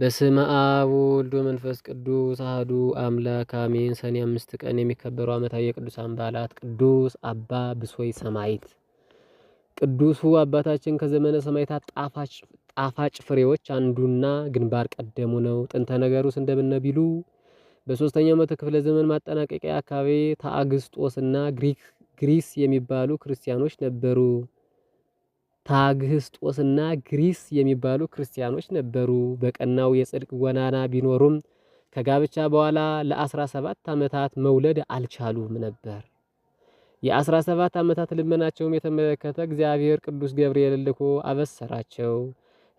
በስመ አብ ወወልድ ወመንፈስ ቅዱስ አህዱ አምላክ አሜን። ሰኔ አምስት ቀን የሚከበሩ ዓመታዊ የቅዱሳን በዓላት ቅዱስ አባ ብሶይ ሰማይት። ቅዱሱ አባታችን ከዘመነ ሰማዕታት ጣፋጭ ፍሬዎች አንዱና ግንባር ቀደሙ ነው። ጥንተ ነገሩስ እንደምነቢሉ በሶስተኛው መቶ ክፍለ ዘመን ማጠናቀቂያ አካባቢ ታአግስጦስና ግሪክ ግሪስ የሚባሉ ክርስቲያኖች ነበሩ። ታግህስጦስና ግሪስ የሚባሉ ክርስቲያኖች ነበሩ። በቀናው የጽድቅ ጎዳና ቢኖሩም ከጋብቻ በኋላ ለ17 ዓመታት መውለድ አልቻሉም ነበር። የ የ17 ዓመታት ልመናቸውም የተመለከተ እግዚአብሔር ቅዱስ ገብርኤል ልኮ አበሰራቸው።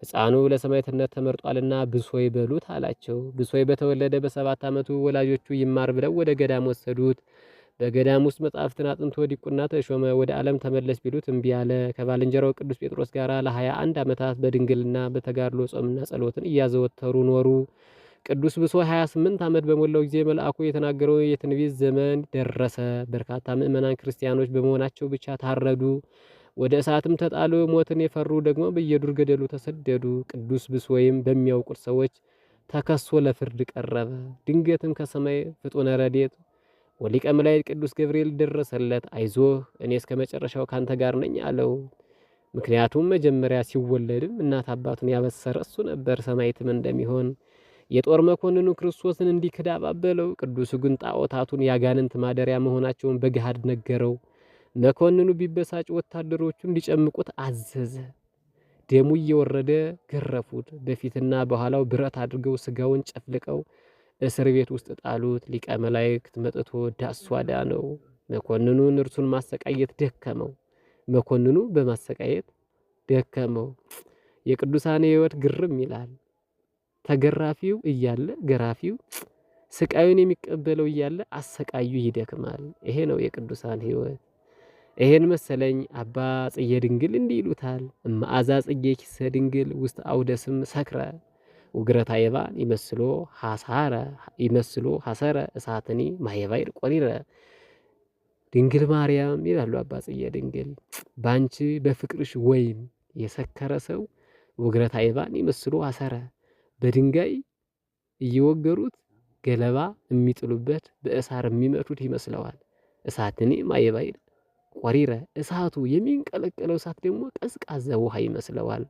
ሕፃኑ ለሰማዕትነት ተመርጧልና ብሶይ በሉት አላቸው። ብሶይ በተወለደ በሰባት ዓመቱ ወላጆቹ ይማር ብለው ወደ ገዳም ወሰዱት። በገዳም ውስጥ መጽሐፍትን አጥንቶ ዲቁና ተሾመ። ወደ ዓለም ተመለስ ቢሉት እምቢ አለ። ከባልንጀራው ቅዱስ ጴጥሮስ ጋር ለ21 ዓመታት በድንግልና በተጋድሎ ጾምና ጸሎትን እያዘወተሩ ኖሩ። ቅዱስ ብሶ 28 ዓመት በሞላው ጊዜ መልአኩ የተናገረው የትንቢት ዘመን ደረሰ። በርካታ ምእመናን ክርስቲያኖች በመሆናቸው ብቻ ታረዱ፣ ወደ እሳትም ተጣሉ። ሞትን የፈሩ ደግሞ በየዱር ገደሉ ተሰደዱ። ቅዱስ ወይም በሚያውቁት ሰዎች ተከሶ ለፍርድ ቀረበ። ድንገትም ከሰማይ ፍጡነ ረድኤት ወሊቀ መላእክት ቅዱስ ገብርኤል ደረሰለት። አይዞህ እኔ እስከ መጨረሻው ካንተ ጋር ነኝ አለው። ምክንያቱም መጀመሪያ ሲወለድም እናት አባቱን ያበሰረ እሱ ነበር ሰማይትም እንደሚሆን። የጦር መኮንኑ ክርስቶስን እንዲክዳ ባበለው፣ ቅዱሱ ግን ጣዖታቱን ያጋንንት ማደሪያ መሆናቸውን በግሃድ ነገረው። መኮንኑ ቢበሳጭ ወታደሮቹ እንዲጨምቁት አዘዘ። ደሙ እየወረደ ገረፉት። በፊትና በኋላው ብረት አድርገው ስጋውን ጨፍልቀው እስር ቤት ውስጥ ጣሉት። ሊቀ መላእክት መጥቶ ዳሷዳ ነው። መኮንኑን እርሱን ማሰቃየት ደከመው። መኮንኑ በማሰቃየት ደከመው። የቅዱሳን ሕይወት ግርም ይላል። ተገራፊው እያለ ገራፊው ስቃዩን የሚቀበለው እያለ አሰቃዩ ይደክማል። ይሄ ነው የቅዱሳን ሕይወት። ይሄን መሰለኝ አባ ጽዬ ድንግል እንዲህ ይሉታል። እመአዛ ጽጌ ኪሰ ድንግል ውስጥ አውደስም ሰክረ ውግረታ የባ ይመስሎ ሐሳረ ይመስሎ ሐሰረ እሳትኒ ማየባይር ቆሪረ ድንግል ማርያም ይላሉ አባጽየ ድንግል ባንቺ በፍቅርሽ ወይም የሰከረ ሰው ውግረታ የባን ይመስሎ አሰረ በድንጋይ እየወገሩት ገለባ የሚጥሉበት በእሳር የሚመቱት ይመስለዋል። እሳትኒ ማየባይል ቆሪረ እሳቱ የሚንቀለቀለው እሳት ደግሞ ቀዝቃዛ ውሃ ይመስለዋል።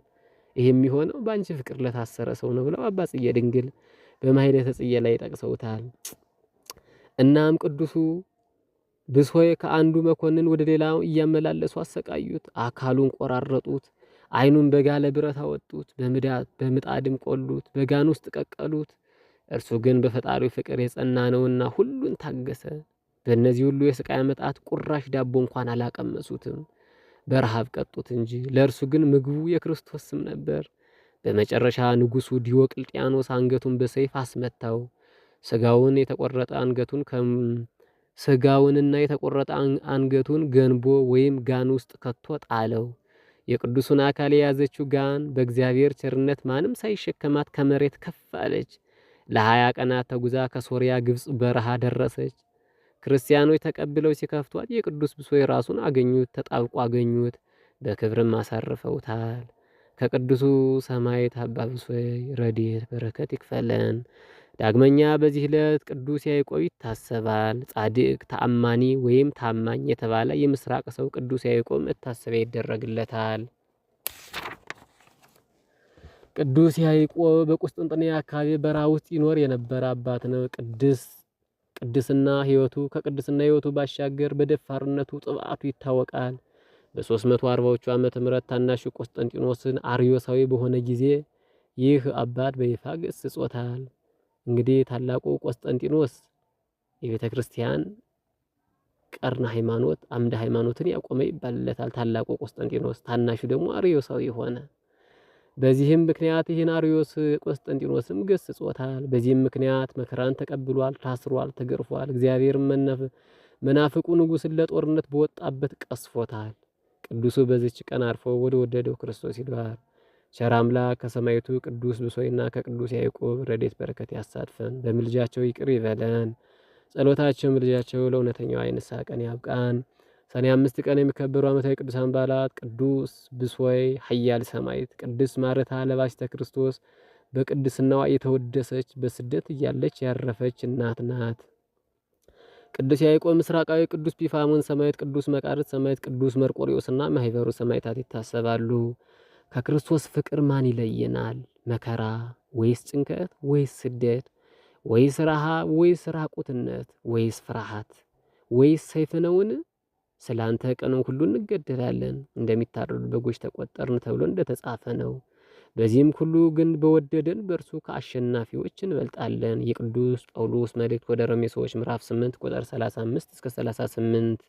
ይሄ የሚሆነው በአንቺ ፍቅር ለታሰረ ሰው ነው ብለው አባ ጽዬ ድንግል በማኅሌተ ጽጌ ላይ ጠቅሰውታል። እናም ቅዱሱ ብሶይ ከአንዱ መኮንን ወደ ሌላው እያመላለሱ አሰቃዩት። አካሉን ቆራረጡት፣ አይኑን በጋለ ብረት አወጡት፣ በምጣድም ቆሉት፣ በጋን ውስጥ ቀቀሉት። እርሱ ግን በፈጣሪው ፍቅር የጸና ነውና ሁሉን ታገሰ። በእነዚህ ሁሉ የስቃይ ዓመታት ቁራሽ ዳቦ እንኳን አላቀመሱትም። በረሃብ ቀጡት እንጂ ለእርሱ ግን ምግቡ የክርስቶስ ስም ነበር። በመጨረሻ ንጉሱ ዲዮቅልጥያኖስ አንገቱን በሰይፍ አስመታው። ስጋውን የተቆረጠ አንገቱን ስጋውንና የተቆረጠ አንገቱን ገንቦ ወይም ጋን ውስጥ ከቶ ጣለው። የቅዱሱን አካል የያዘችው ጋን በእግዚአብሔር ቸርነት ማንም ሳይሸከማት ከመሬት ከፍ አለች። ለሀያ ቀናት ተጉዛ ከሶርያ ግብፅ በረሃ ደረሰች። ክርስቲያኖች ተቀብለው ሲከፍቷት የቅዱስ ብሶይ ራሱን አገኙት፣ ተጣብቆ አገኙት፣ በክብርም አሳርፈውታል። ከቅዱሱ ሰማዕት አባ ብሶይ ረድኤት በረከት ይክፈለን። ዳግመኛ በዚህ ዕለት ቅዱስ ያዕቆብ ይታሰባል። ጻድቅ ተአማኒ ወይም ታማኝ የተባለ የምስራቅ ሰው ቅዱስ ያዕቆብ መታሰቢያ ይደረግለታል። ቅዱስ ያዕቆብ በቁስጥንጥኔ አካባቢ በረሃ ውስጥ ይኖር የነበረ አባት ነው። ቅድስት ቅድስና ህይወቱ ከቅድስና ህይወቱ ባሻገር በደፋርነቱ ጥባቱ ይታወቃል። በ340ዎቹ ዓመተ ምህረት ታናሹ ቆስጠንጢኖስን አርዮሳዊ በሆነ ጊዜ ይህ አባት በይፋ ገስጾታል። እንግዲህ ታላቁ ቆስጠንጢኖስ የቤተ ክርስቲያን ቀርና ሃይማኖት አምደ ሃይማኖትን ያቆመ ይባልለታል። ታላቁ ቆስጠንጢኖስ ታናሹ ደግሞ አርዮሳዊ ሆነ። በዚህም ምክንያት ይህን አርዮስ ቆስጠንጢኖስም ገስጾታል። በዚህም ምክንያት መከራን ተቀብሏል፣ ታስሯል፣ ተገርፏል። እግዚአብሔር መናፍቁ ንጉሥን ለጦርነት በወጣበት ቀስፎታል። ቅዱሱ በዚች ቀን አርፎ ወደ ወደደው ክርስቶስ ይደዋል። ቸር አምላክ ከሰማይቱ ቅዱስ ብሶይና ከቅዱስ ያዕቆብ ረዴት በረከት ያሳድፈን፣ በምልጃቸው ይቅር ይበለን። ጸሎታቸው ምልጃቸው ለእውነተኛው አይነሳቀን ቀን ያብቃን። ሰኔ አምስት ቀን የሚከበሩ ዓመታዊ ቅዱሳን በዓላት ቅዱስ ብሶይ ኃያል ሰማዕት፣ ቅድስት ማርታ ለባሽተ ክርስቶስ በቅድስናዋ የተወደሰች በስደት እያለች ያረፈች እናት ናት። ቅዱስ ያዕቆብ ምስራቃዊ፣ ቅዱስ ጲፋሞን ሰማዕት፣ ቅዱስ መቃርስ ሰማዕት፣ ቅዱስ መርቆሬዎስና ማኅበሩ ሰማዕታት ይታሰባሉ። ከክርስቶስ ፍቅር ማን ይለየናል? መከራ ወይስ ጭንቀት ወይስ ስደት ወይስ ረሃብ ወይስ ራቁትነት ወይስ ፍርሃት ወይስ ሰይፍ ነውን? ስለ አንተ ቀኑን ሁሉ እንገደላለን፣ እንደሚታረዱ በጎች ተቆጠርን ተብሎ እንደተጻፈ ነው። በዚህም ሁሉ ግን በወደደን በእርሱ ከአሸናፊዎች እንበልጣለን። የቅዱስ ጳውሎስ መልእክት ወደ ሮሜ ሰዎች ምዕራፍ 8 ቁጥር 35 እስከ 38።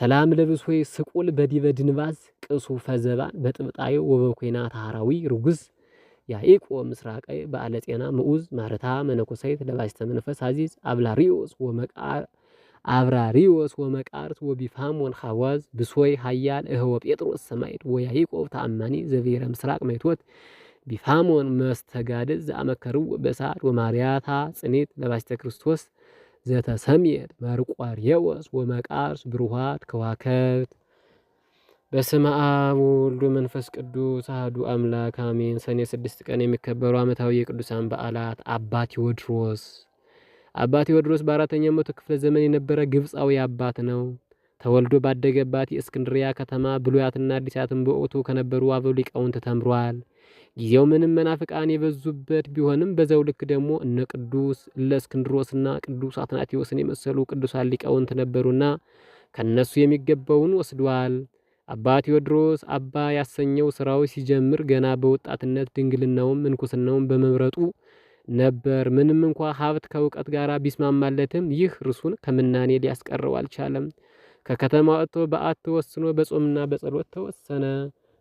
ሰላም ሆይ ስቁል በዲበ ድንባዝ ቅሱ ፈዘባን በጥብጣዩ ወበኩና ታራዊ ርጉዝ ያኢቆ ምስራቃዊ በአለጤና ምዑዝ ማርታ መነኮሳይት ለባጅተ መንፈስ አዚዝ አብላሪዮስ ወመቃ አብራሪዎስ ወመቃርት ወቢፋም ወንሐዋዝ ብሶይ ሀያል እህወ ጴጥሮስ ሰማይት ወያይቆብ ተአማኒ ዘብሔረ ምስራቅ መይቶት ቢፋሞን መስተጋድል ዘአመከሩ በሳድ ወማርያታ ጽኔት ለባሽተ ክርስቶስ ዘተሰምየት መርቆሬዎስ ወመቃርስ ብሩሃት ከዋከብት በስመ አብ ወወልድ ወመንፈስ ቅዱስ አሐዱ አምላክ አሜን። ሰኔ ስድስት ቀን የሚከበሩ ዓመታዊ የቅዱሳን በዓላት አባ ቴዎድሮስ አባ ቴዎድሮስ በአራተኛው መቶ ክፍለ ዘመን የነበረ ግብፃዊ አባት ነው። ተወልዶ ባደገባት የእስክንድሪያ ከተማ ብሉያትና አዲሳትን በወቅቱ ከነበሩ አበው ሊቃውንት ተምሯል። ጊዜው ምንም መናፍቃን የበዙበት ቢሆንም በዛው ልክ ደግሞ እነ ቅዱስ እለእስክንድሮስና ቅዱስ አትናቴዎስን የመሰሉ ቅዱሳን ሊቃውንት ነበሩና ከነሱ የሚገባውን ወስዷል። አባ ቴዎድሮስ አባ ያሰኘው ስራው ሲጀምር ገና በወጣትነት ድንግልናውም ምንኩስናውም በመምረጡ ነበር። ምንም እንኳ ሀብት ከእውቀት ጋር ቢስማማለትም ይህ ርሱን ከምናኔ ሊያስቀረው አልቻለም። ከከተማ ወጥቶ በዓት ወስኖ በጾምና በጸሎት ተወሰነ።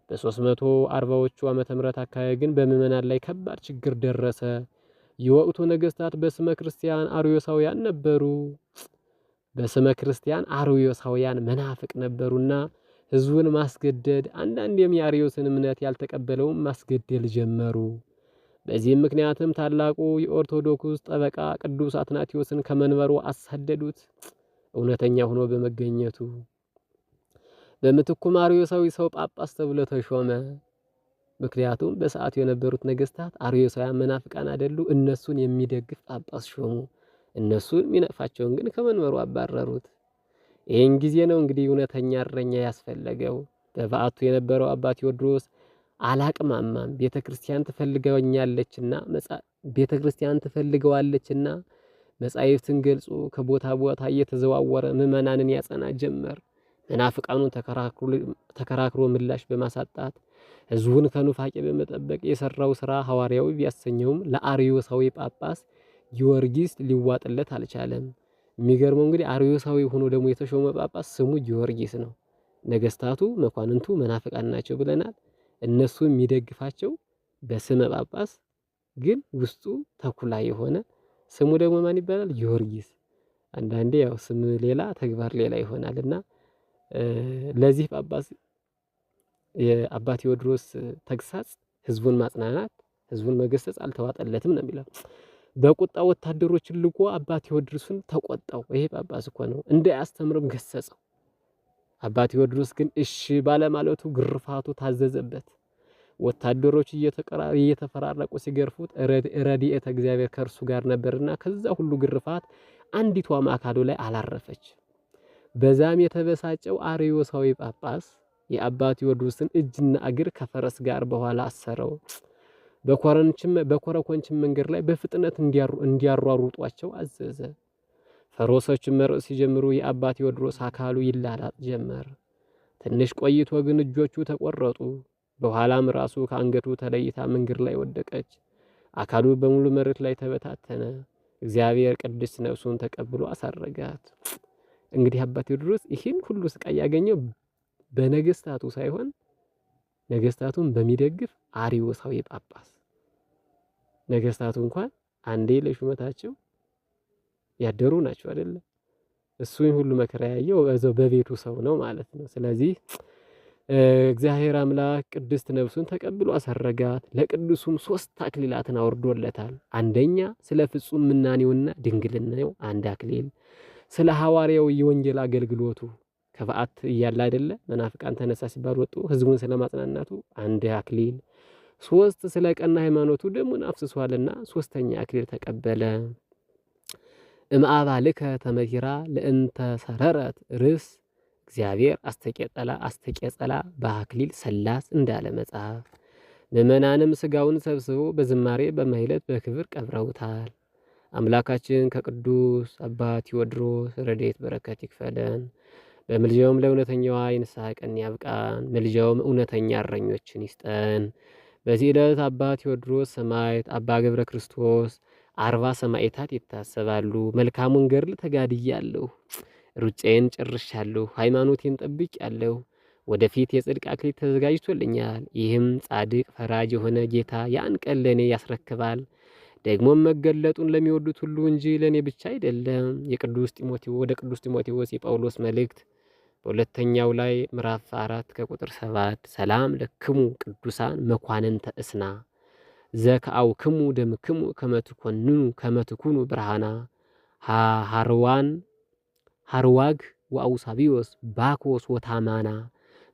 በ 340 አርባዎቹ ዓመተ ምህረት አካባቢ ግን በምዕመናን ላይ ከባድ ችግር ደረሰ። የወቅቱ ነገስታት በስመ ክርስቲያን አርዮሳውያን ነበሩ። በስመ ክርስቲያን አርዮሳውያን መናፍቅ ነበሩና ህዝቡን ማስገደድ አንዳንዴም የአርዮስን እምነት ያልተቀበለውን ማስገደል ጀመሩ። በዚህም ምክንያትም ታላቁ የኦርቶዶክስ ጠበቃ ቅዱስ አትናቴዎስን ከመንበሩ አሳደዱት። እውነተኛ ሆኖ በመገኘቱ በምትኩ አርዮሳዊ ሰው ጳጳስ ተብሎ ተሾመ። ምክንያቱም በሰዓቱ የነበሩት ነገስታት አርዮሳውያን መናፍቃን አይደሉ? እነሱን የሚደግፍ ጳጳስ ሾሙ። እነሱን የሚነቅፋቸውን ግን ከመንበሩ አባረሩት። ይህን ጊዜ ነው እንግዲህ እውነተኛ እረኛ ያስፈለገው። በበዓቱ የነበረው አባት ቴዎድሮስ አላቅማማም። ቤተ ክርስቲያን ትፈልገኛለችና ቤተ ክርስቲያን ትፈልገዋለችና መጻሕፍትን ገልጾ ከቦታ ቦታ እየተዘዋወረ ምዕመናንን ያጸና ጀመር። መናፍቃኑን ተከራክሮ ምላሽ በማሳጣት ሕዝቡን ከኑፋቄ በመጠበቅ የሰራው ስራ ሐዋርያዊ ቢያሰኘውም ለአርዮሳዊ ጳጳስ ጊዮርጊስ ሊዋጥለት አልቻለም። የሚገርመው እንግዲህ አርዮሳዊ ሆኖ ደግሞ የተሾመ ጳጳስ ስሙ ጊዮርጊስ ነው። ነገስታቱ፣ መኳንንቱ መናፍቃን ናቸው ብለናል። እነሱ የሚደግፋቸው በስመ ጳጳስ ግን ውስጡ ተኩላ የሆነ ስሙ ደግሞ ማን ይባላል? ጊዮርጊስ። አንዳንዴ ያው ስም ሌላ ተግባር ሌላ ይሆናል እና ለዚህ ጳጳስ የአባ ቴዎድሮስ ተግሳጽ ህዝቡን ማጽናናት፣ ህዝቡን መገሰጽ አልተዋጠለትም ነው የሚለው። በቁጣ ወታደሮችን ልኮ አባ ቴዎድሮስን ተቆጣው። ይሄ ጳጳስ እኮ ነው እንዳያስተምርም ገሰጸው። አባ ቴዎድሮስ ግን እሺ ባለማለቱ ግርፋቱ ታዘዘበት። ወታደሮች እየተፈራረቁ ሲገርፉት ረድኤተ እግዚአብሔር ከእርሱ ጋር ነበርና ከዛ ሁሉ ግርፋት አንዲቷም አካሉ ላይ አላረፈች። በዛም የተበሳጨው አርዮሳዊ ጳጳስ የአባ ቴዎድሮስን እጅና እግር ከፈረስ ጋር በኋላ አሰረው። በኮረኮንችም መንገድ ላይ በፍጥነት እንዲያሯሩጧቸው አዘዘ። ፈሮሶችን መሮጥ ሲጀምሩ የአባ ቴዎድሮስ አካሉ ይላላጥ ጀመር። ትንሽ ቆይቶ ግን እጆቹ ተቆረጡ። በኋላም ራሱ ከአንገቱ ተለይታ መንገድ ላይ ወደቀች። አካሉ በሙሉ መሬት ላይ ተበታተነ። እግዚአብሔር ቅድስት ነፍሱን ተቀብሎ አሳረጋት። እንግዲህ አባ ቴዎድሮስ ይህን ሁሉ ስቃይ ያገኘው በነገስታቱ ሳይሆን ነገስታቱን በሚደግፍ አርዮሳዊ ጳጳስ ነገስታቱ እንኳን አንዴ ለሹመታቸው ያደሩ ናቸው አይደለ? እሱ ሁሉ መከራ ያየው እዛው በቤቱ ሰው ነው ማለት ነው። ስለዚህ እግዚአብሔር አምላክ ቅድስት ነፍሱን ተቀብሎ አሰረጋት ለቅዱሱም ሶስት አክሊላትን አውርዶለታል። አንደኛ ስለ ፍጹም ምናኔውና ድንግልናው አንድ አክሊል፣ ስለ ሐዋርያው የወንጌል አገልግሎቱ ከበዓት እያለ አይደለ መናፍቃን ተነሳ ሲባል ወጡ ህዝቡን ስለ ማጽናናቱ አንድ አክሊል፣ ሶስት ስለ ቀና ሃይማኖቱ ደሙን አፍስሷልና ሶስተኛ አክሊል ተቀበለ። እምአባልከ ተመሂራ ለእንተ ሰረረት ርስ እግዚአብሔር አስተቄጠላ አስተቄጸላ በአክሊል ሰላስ እንዳለ መጽሐፍ። ምእመናንም ስጋውን ሰብስቦ በዝማሬ በማይለት በክብር ቀብረውታል። አምላካችን ከቅዱስ አባት ቴዎድሮስ ረድኤት በረከት ይክፈለን። በምልጃውም ለእውነተኛዋ የንስሐ ቀን ያብቃን። ምልጃውም እውነተኛ እረኞችን ይስጠን። በዚህ ዕለት አባት ቴዎድሮስ ሰማዕት፣ አባ ገብረ ክርስቶስ አርባ ሰማዕታት ይታሰባሉ። መልካሙን ገድል ተጋድያለሁ፣ ሩጫዬን ጨርሻለሁ፣ ሃይማኖቴን ጠብቄያለሁ። ወደፊት የጽድቅ አክሊል ተዘጋጅቶልኛል። ይህም ጻድቅ ፈራጅ የሆነ ጌታ ያን ቀን ለእኔ ያስረክባል። ደግሞም መገለጡን ለሚወዱት ሁሉ እንጂ ለእኔ ብቻ አይደለም። የቅዱስ ጢሞቴዎ ወደ ቅዱስ ጢሞቴዎስ የጳውሎስ መልእክት በሁለተኛው ላይ ምዕራፍ አራት ከቁጥር ሰባት ሰላም ለክሙ ቅዱሳን መኳንንተ እስና ክሙ ዘከአውክሙ ደምክሙ ከመትኮንኑ ከመትኩኑ ብርሃና ሃርዋን ሃርዋግ ወአውሳቢዎስ ባኮስ ወታማና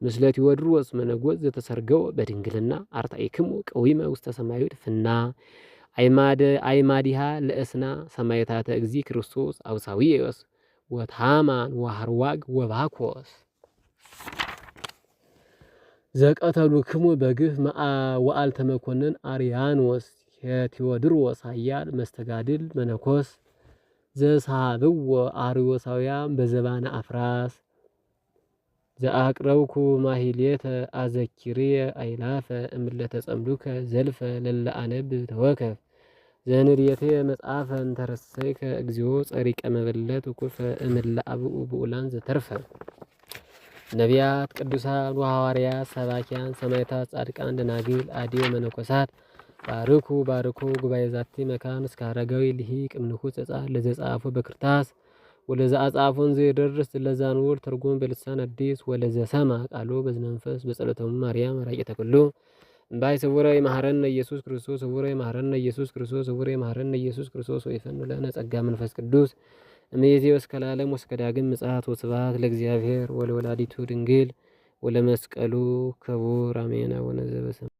ምስለት ቴዎድሮስ መነጎዝ ዘተሰርገው በድንግልና ክሙ ቀዊመ ውስተ ሰማያዊት ፍና አይማዲሃ ለእስና ሰማይታተ እግዚ ክርስቶስ አውሳዊዮስ ወታማን ወሃርዋግ ወባኮስ ዘቀተሉ ክሙ በግፍ ወአል ተመኮንን አርያኖስ የቴዎድሮስ ኃያል መስተጋድል መነኮስ ዘሳብዎ አርዮሳውያን በዘባነ አፍራስ ዘአቅረብኩ ማሂሌተ አዘኪርየ አይላፈ እምለተ ጸምዱከ ዘልፈ ለለ አነብ ተወከፍ ዘንርየትየ መጽሐፈ እንተረሰይከ እግዚኦ ጸሪቀ መበለት ኩፈ እምለ አብኡ ብኡላን ዘተርፈ ነቢያት፣ ቅዱሳን ሐዋርያት፣ ሰባኪያን፣ ሰማይታት፣ ጻድቃን፣ ደናግል፣ አድዮ መነኮሳት ባርኩ ባርኩ ጉባኤ ዛቲ መካን እስከ አረጋዊ ልሂቅ እምንኩስ ጸጻ ለዘጻፎ በክርታስ ወለዛ አጻፎን ዘይደርስ ለዛንውር ትርጉም በልሳን አዲስ ወለዘ ሰማ ቃሉ በዝመንፈስ በጸሎተሙ ማርያም ራቂተ ኩሉ እምባይ ስውራዊ ማህረነ ኢየሱስ ክርስቶስ ስውራዊ ማህረነ ኢየሱስ ክርስቶስ ስውራዊ ማህረነ ኢየሱስ ክርስቶስ ወይፈኑ ለነ ጸጋ መንፈስ ቅዱስ እመይእዜው እስከ ለዓለም ወስከ ዳግም ምጽአት ወስብሐት ለእግዚአብሔር ወለወላዲቱ ድንግል ወለመስቀሉ ክቡር አሜን። አቡነ ዘበሰማያት